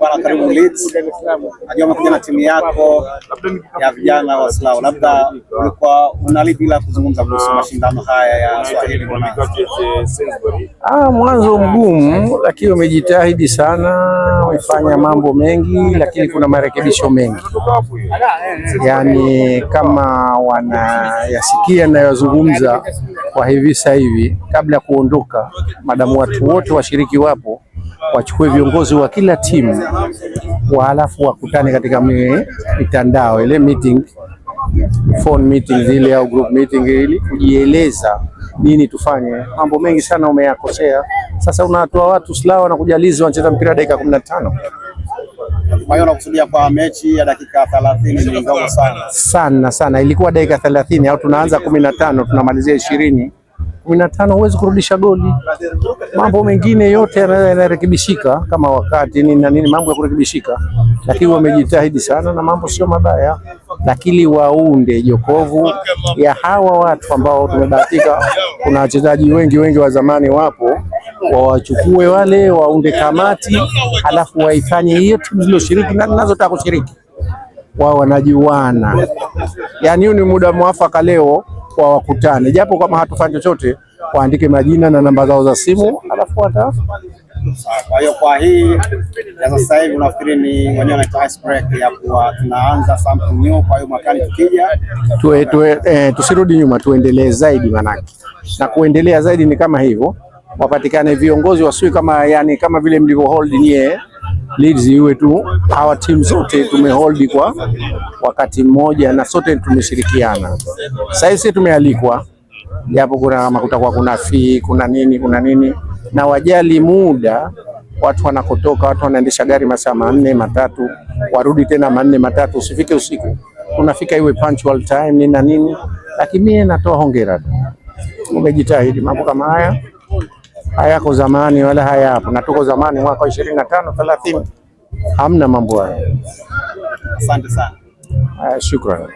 Bwana karibu Leeds, najua umekuja na timu yako ya vijana wa Slough, labda ulikuwa una la kuzungumza kuhusu ah. mashindano haya ya Swahili? Ah, mwanzo mgumu, lakini umejitahidi sana, umefanya mambo mengi, lakini kuna marekebisho mengi, yaani kama wanayasikia nayozungumza kwa hivi sasa hivi, kabla ya kuondoka, madamu watu wote washiriki wapo wachukue viongozi wa kila timu wahalafu wakutane katika mitandao ile meeting, phone meeting zile au group meeting, ili kujieleza nini tufanye. Mambo mengi sana umeyakosea. Sasa unatoa watu slawa na kujalizi wanacheza mpira dakika kumi na tano. Kwa hiyo unakusudia kwa mechi ya dakika 30 ni ngumu sana sana sana, ilikuwa dakika 30 au tunaanza kumi na tano tunamalizia ishirini kumi na tano huwezi kurudisha goli. Mambo mengine yote yanarekebishika kama wakati nini na nini, mambo ya kurekebishika, lakini wamejitahidi sana na mambo sio mabaya, lakini waunde jokovu ya hawa watu ambao tumebahatika, kuna wachezaji wengi wengi wa zamani wapo, wawachukue wale, waunde kamati, halafu waifanye hiyo timu zilizoshiriki na zinazotaka kushiriki, wao wanajuana. Yani, huyu ni muda mwafaka leo kwa wakutane, japo kama hatufanyi chochote, waandike majina na namba zao za simu, alafu hata kwa hiyo kwa hii ya sasa hivi unafikiri ni wenyewe na ice break ya kuwa tunaanza something new. Kwa hiyo mwakani tukija tuwe, tuwe, eh, tusirudi nyuma, tuendelee zaidi manake, na kuendelea zaidi ni kama hivyo, wapatikane viongozi wasui kama yani, kama vile mlivyo hold nyie Leeds iwe tu hawa timu zote tumeholdi kwa wakati mmoja na sote tumeshirikiana. Sasa hivi tumealikwa, japo kuna kutakuwa kuna fee, kuna nini kuna nini, na wajali muda watu wanakotoka, watu wanaendesha gari masaa manne matatu, warudi tena manne matatu, usifike usiku, unafika iwe punctual time nini na nini, lakini mimi natoa hongera tu, umejitahidi mambo kama haya hayako zamani wala haya hapo, na tuko zamani mwaka ishirini na tano thelathini, hamna mambo hayo. Asante sana. Shukrani.